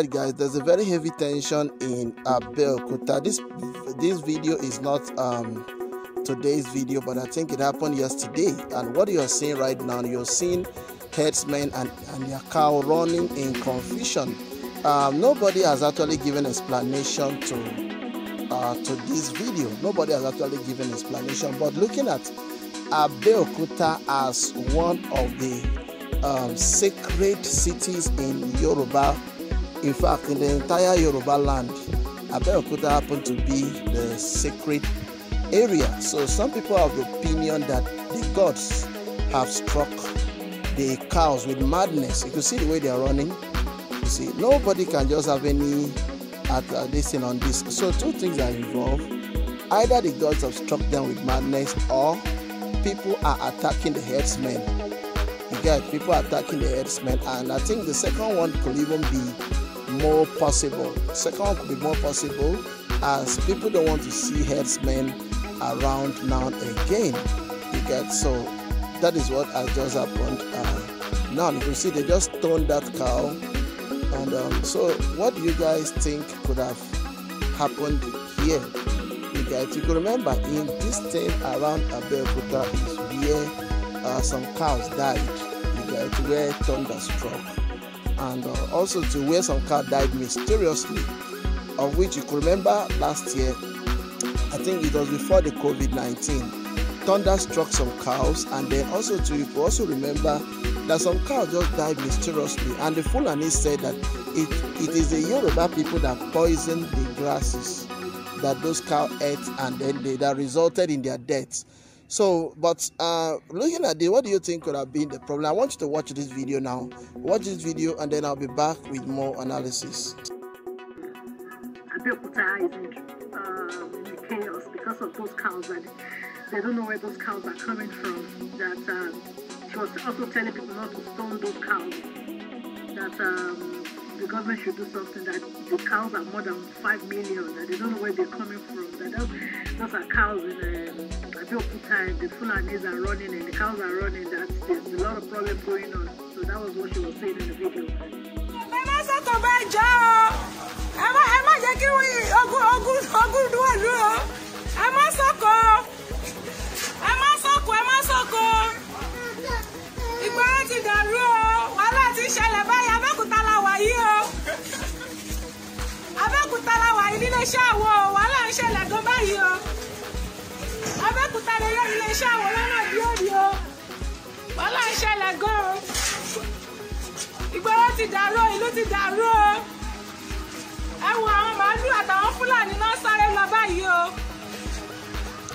right guys there's a very heavy tension in Abeokuta this this video is not um today's video but I think it happened yesterday and what you are seeing right now you're seeing herdsmen and, and their cow running in confusion um, nobody has actually given explanation to uh, to this video nobody has actually given explanation but looking at Abeokuta as one of the um, sacred cities in Yoruba in fact, in the entire Yoruba land, Abeokuta happened to be the sacred area. So some people have the opinion that the gods have struck the cows with madness. You can see the way they are running. You see, nobody can just have any at uh, this thing on this. So two things are involved. Either the gods have struck them with madness or people are attacking the herdsmen. You get people are attacking the herdsmen, and I think the second one could even be more possible. Second could be more possible as people don't want to see herdsmen around now again. You get so that is what has just happened. Uh, now you can see they just turned that cow, and um, so what do you guys think could have happened here? You guys, you could remember in this thing around Abeokuta is where uh, some cows died. You guys, where thunder struck and uh, also to where some car died mysteriously, of which you could remember last year, I think it was before the COVID 19. Thunder struck some cows, and then also to you could also remember that some cows just died mysteriously. And the Fulani said that it, it is the Yoruba people that poisoned the grasses that those cows ate, and then they, that resulted in their deaths. So, but uh, looking at this, what do you think could have been the problem? I want you to watch this video now. Watch this video, and then I'll be back with more analysis. Abeokuta is in, um, uh, in chaos because of those cows that they don't know where those cows are coming from. That um, she was also telling people not to stone those cows. That um, the government should do something that the cows are more than 5 million, that they don't know where they're coming from, that those, are cows in a uh, time. the Fulanis are running and the cows are running, that there's a lot of problems going on. So that was what she was saying in the video. I'm not ẹ má jẹ́ kí ogun ogun ogun dùn ọ́ lù ọ́ ẹ má sọ̀kọ̀. sáré lórí iléeṣẹ́ àwòrán náà bí òrì o wàhálà ń ṣẹlẹ̀ gan-an ìgboro ti dàrú ìlú ti dàrú o ẹ wo àwọn màálù àtàwọn fúlàní náà sáré lọ báyìí o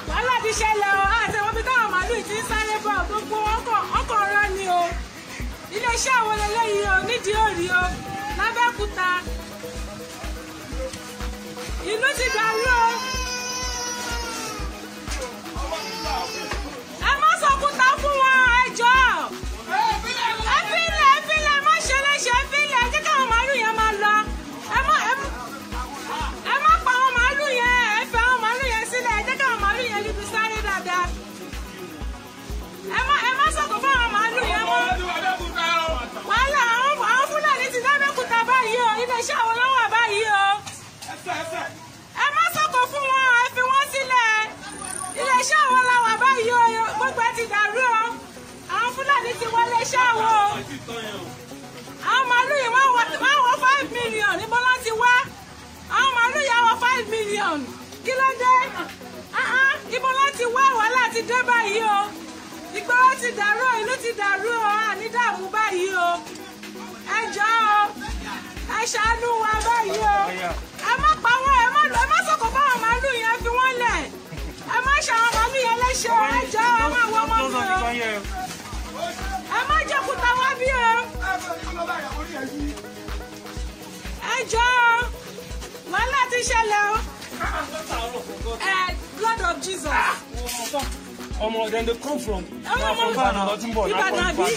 wàhálà ti ṣẹlẹ̀ o àti àwọn ibi táwọn màálù ti ń sáré bọ̀ gbogbo ọkọ̀ ọ̀rọ̀ ni o iléeṣẹ́ àwọn eléyìí o nídìí òrì o lábẹ́kúta ìlú ti dàrú o. pé ti dàrú o àwọn fúlàní ti wọlé iṣẹ́ wo àwọn màálù yìí wọ́n wọ five million níbo ló ti wá àwọn màálù yìí wọ five million kí ló dé ibo ló ti wá wàhálà ti dé báyìí o ìgboro ti dàrú o ìlú ti dàrú o àní dààmú báyìí o ẹ jọ̀ọ́ o ẹ ṣàánú wa báyìí o ẹ má pa wọ́n ẹ má lọ ẹ má ṣe ẹjọ ọmọ ìwọ ọmọ mi o ẹ má jẹ kúta wá bí o ẹjọ wàhálà ti ṣẹlẹ̀ o blood of Jesus. ọmọ then they come from na from ghana lọtún bọ na from ghana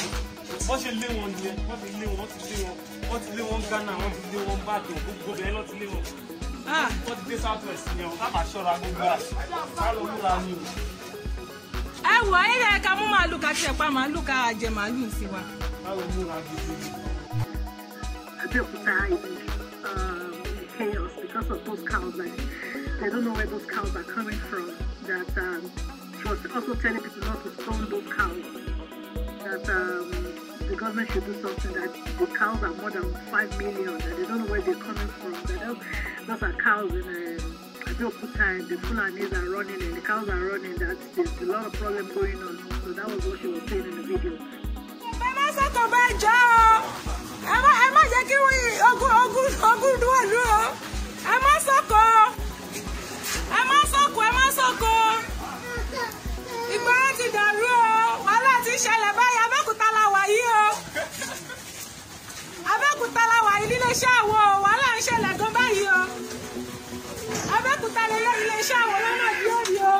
wọ́n ṣe lé wọn nìyẹn wọ́n ti lé wọn wọ́n ti lé wọn wọ́n ti lé wọn ghana wọ́n ti lé wọn bàdàn gbogbo bẹ́ẹ̀ lọ́ọ́ ti lé wọn wọ́n ti ah. dé south west yẹn wọ́n tábà ṣọ́ra gbogbo àṣà lọ́ọ́ múra ni o. ẹ wọ ká mú màálù ká tiẹ̀ pa màálù ká jẹ màálù sí wa. Abẹ́òkúta yìí um, chaos because of those cows Like I don't know where those cows are coming from. That um, she was also telling people not to stone those cows. That um, the government should do something. That the cows are more than five million. That they don't know where they're coming from. That oh, those are cows in a um, full time the Fulanis are running and the cows are running, that there's a lot of problem going on. So that was what she was saying in the video. Bàbá sọ̀tọ̀ bá jọ ọ́, ẹ má jẹ́ kí ogun ogun ogun dúró dúró, ẹ má sọ̀kọ̀, ẹ má sọ̀kọ̀, ẹ má sọ̀kọ̀, ìgboro ti dàrú o, wàhálà ti ṣẹlẹ̀ báyìí, Abẹ́òkúta la wà yìí o, Abẹ́òkúta la wà yìí nílé iṣẹ́ láre lórí iléeṣẹ́ àwòrán náà yóò rí o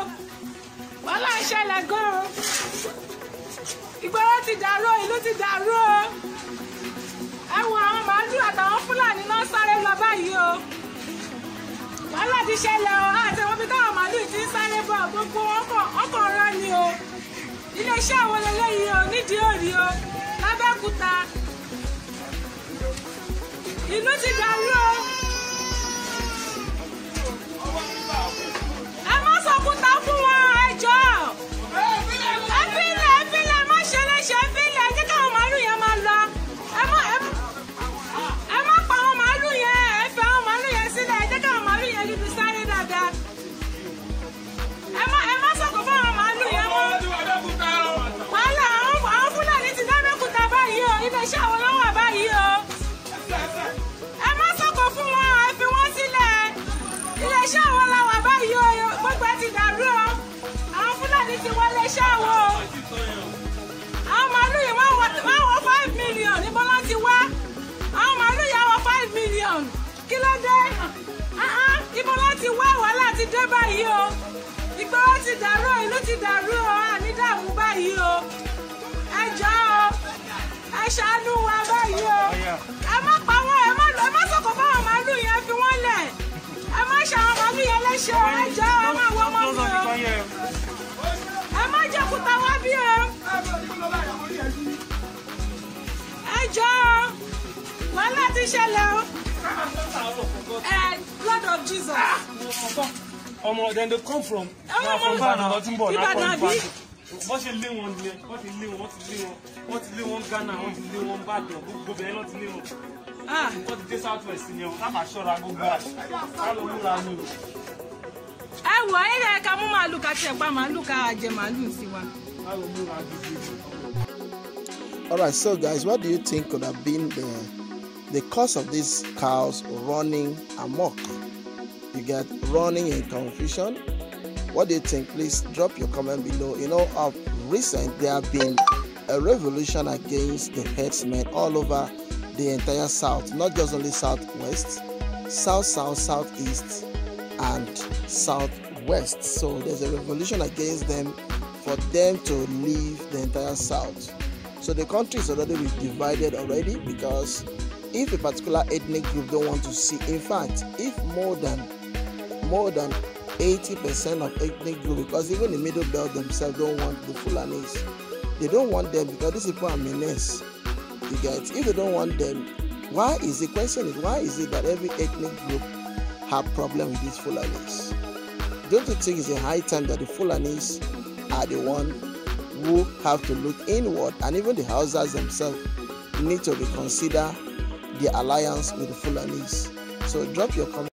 wàhálà ìṣẹ̀lẹ̀ gan-an ìgboro ti dàrú ìlú ti dàrú o ẹ̀wọ̀n àwọn màálù àtàwọn fúlàní náà sáré lọ báyìí o wàhálà ti ṣẹlẹ̀ o àti àwọn ibi táwọn màálù ti ń sáré bọ̀ gbogbo ọkọ̀ ọ̀rọ̀ ni o iléeṣẹ́ àwọn eléyìí o nídìí òrì o lábẹ́òkúta ìlú ti dàrú o. wò ó àwọn màálù yìí wọ́n wọ five million níbo ló ti wá àwọn màálù yìí wọ́n five million kí ló dé ibo ló ti wá wàhálà ti dé báyìí o ìgboro ti dàrú ìlú ti dàrú o àní dààmú báyìí o ẹ jọ̀ọ́ o ẹ ṣàánú wa báyìí o ẹ má pa wọ́n ẹ má sọ̀kò báwọn màálù yẹn fi wọ́n lẹ̀ ẹ má ṣàwọn màálù yẹn léṣe o ẹ jọ̀ọ́. jọ wàhálà ti ṣẹlẹ̀ o. Eh, blood of Jesus. Ah, ọmọ then they come from na from far na lọtí ń bọ̀ na from far wọ́n ṣe lé wọn nìyẹn wọ́n ti lé wọn wọ́n ti lé wọn wọ́n ti lé wọn Ghana wọ́n ti lé wọn Ìbàdàn gbogbo bẹ́ẹ̀ lọ́ọ́ ti lé wọn ah. wọ́n ti dé south west yẹn o lábàá ṣọ́ra gbogbo àṣà kálọ̀ múra ni o. ẹ wọ ẹ yẹ ká mú màálù ká tiẹ̀ pa màálù ká jẹ màálù sí wa. All right, so guys, what do you think could have been the the cause of these cows running amok? You get running in confusion. What do you think? Please drop your comment below. You know, of recent there have been a revolution against the herdsmen all over the entire south, not just only southwest, south, south, southeast, and southwest. So there's a revolution against them for them to leave the entire south. So the country is already divided already because if a particular ethnic group don't want to see, in fact, if more than more than 80% of ethnic group, because even the middle belt themselves don't want the Fulanis. They don't want them because these people are menace. You get if they don't want them, why is the question is why is it that every ethnic group have problem with these Fulanis? Don't you think it's a high time that the Fulanis are the one who have to look inward, and even the houses themselves need to reconsider their alliance with the Fulanis. So drop your comment.